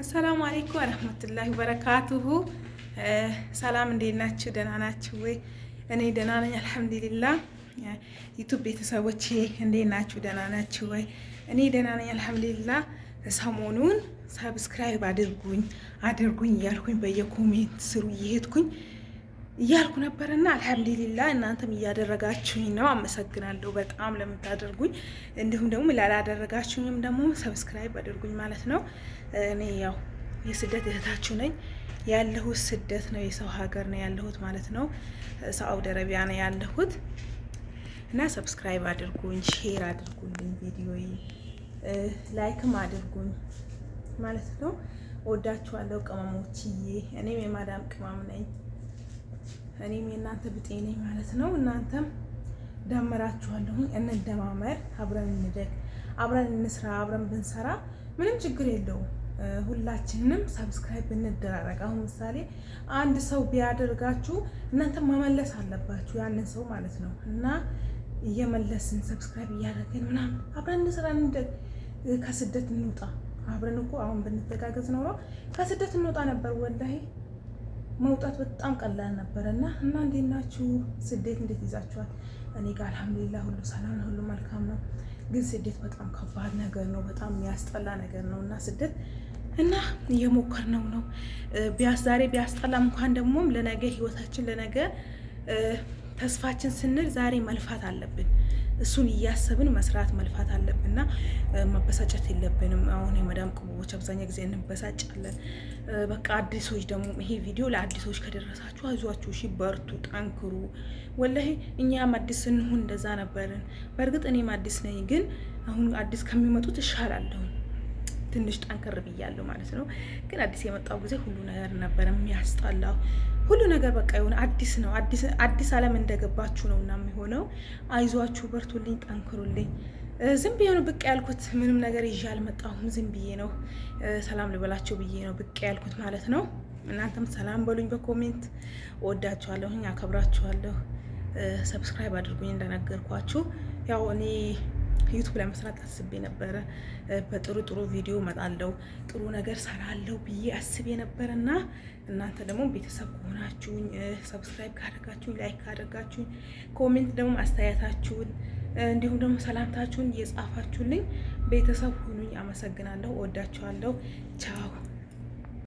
አሰላሙ አለይኩም ወረህመቱላሂ ወበረካቱሁ። ሰላም እንዴት ናችሁ? ደህና ናችሁ ወይ? እኔ ደህና ነኝ አልሐምዱሊላህ። ዩቱብ ቤተሰቦቼ እንዴት ናችሁ? ደህና ናችሁ ወይ? እኔ ደህና ነኝ አልሐምዱሊላህ። ሰሞኑን ሰብስክራይብ አድርጉኝ አድርጉኝ እያልኩኝ በየኮሜንት ስሩ እየሄድኩኝ እያልኩ ነበርና አልሐምዱሊላ እናንተም እያደረጋችሁኝ ነው። አመሰግናለሁ በጣም ለምታደርጉኝ፣ እንዲሁም ደግሞ ላላደረጋችሁኝም ደግሞ ሰብስክራይብ አድርጉኝ ማለት ነው። እኔ ያው የስደት እህታችሁ ነኝ። ያለሁት ስደት ነው፣ የሰው ሀገር ነው ያለሁት ማለት ነው። ሳዑዲ አረቢያ ነው ያለሁት እና ሰብስክራይብ አድርጉኝ፣ ሼር አድርጉልኝ፣ ቪዲዮ ላይክም አድርጉኝ ማለት ነው። ወዳችኋለሁ ቅመሞችዬ። እኔም የማዳም ቅመም ነኝ። እኔም የእናንተ ብጤ ነኝ ማለት ነው። እናንተም ዳመራችኋለሁኝ። እንደማመር፣ አብረን እንደግ፣ አብረን እንስራ። አብረን ብንሰራ ምንም ችግር የለውም። ሁላችንም ሰብስክራይብ እንደራረግ። አሁን ምሳሌ አንድ ሰው ቢያደርጋችሁ እናንተ መመለስ አለባችሁ ያንን ሰው ማለት ነው። እና እየመለስን ሰብስክራይብ እያደረግን ምናምን አብረን እንስራ፣ እንደግ፣ ከስደት እንውጣ። አብረን እኮ አሁን ብንተጋገዝ ኖሮ ከስደት እንውጣ ነበር ወላሂ። መውጣት በጣም ቀላል ነበረ እና እና እንዴት ናችሁ? ስደት እንዴት ይዛችኋል? እኔ ጋር አልሐምዱሊላ ሁሉ ሰላም ነው፣ ሁሉ መልካም ነው። ግን ስደት በጣም ከባድ ነገር ነው፣ በጣም የሚያስጠላ ነገር ነው እና ስደት እና እየሞከርነው ነው ቢያስ ዛሬ ቢያስጠላም እንኳን ደግሞ ለነገ ህይወታችን ለነገ ተስፋችን ስንል ዛሬ መልፋት አለብን። እሱን እያሰብን መስራት መልፋት አለብንና መበሳጨት የለብንም። አሁን የመዳም ቅቦች አብዛኛ ጊዜ እንበሳጫለን። በቃ አዲሶች ደግሞ ይሄ ቪዲዮ ለአዲሶች ከደረሳችሁ አይዟችሁ፣ እሺ፣ በርቱ፣ ጠንክሩ። ወላሂ እኛም አዲስ ስንሆን እንደዛ ነበርን። በእርግጥ እኔም አዲስ ነኝ፣ ግን አሁን አዲስ ከሚመጡት እሻላለሁ። ትንሽ ጠንከር ብያለሁ ማለት ነው። ግን አዲስ የመጣው ጊዜ ሁሉ ነገር ነበር የሚያስጠላው። ሁሉ ነገር በቃ የሆነ አዲስ ነው። አዲስ ዓለም እንደገባችሁ ነው እና የሚሆነው። አይዟችሁ፣ በርቱልኝ፣ ጠንክሩልኝ። ዝም ብዬ ነው ብቅ ያልኩት። ምንም ነገር ይዤ አልመጣሁም። ዝም ብዬ ነው ሰላም ልበላቸው ብዬ ነው ብቅ ያልኩት ማለት ነው። እናንተም ሰላም በሉኝ በኮሜንት። ወዳችኋለሁኝ፣ አከብራችኋለሁ። ሰብስክራይብ አድርጉኝ እንደነገርኳችሁ ያው እኔ ዩቱብ ላይ መስራት አስቤ ነበረ። በጥሩ ጥሩ ቪዲዮ መጣለው ጥሩ ነገር ሰራለው ብዬ አስቤ ነበረ እና እናንተ ደግሞ ቤተሰብ ከሆናችሁኝ ሰብስክራይብ ካደረጋችሁኝ፣ ላይክ ካደረጋችሁኝ፣ ኮሜንት ደግሞ አስተያየታችሁን እንዲሁም ደግሞ ሰላምታችሁን እየጻፋችሁልኝ ቤተሰብ ሁኑኝ። አመሰግናለሁ። ወዳችኋለሁ። ቻው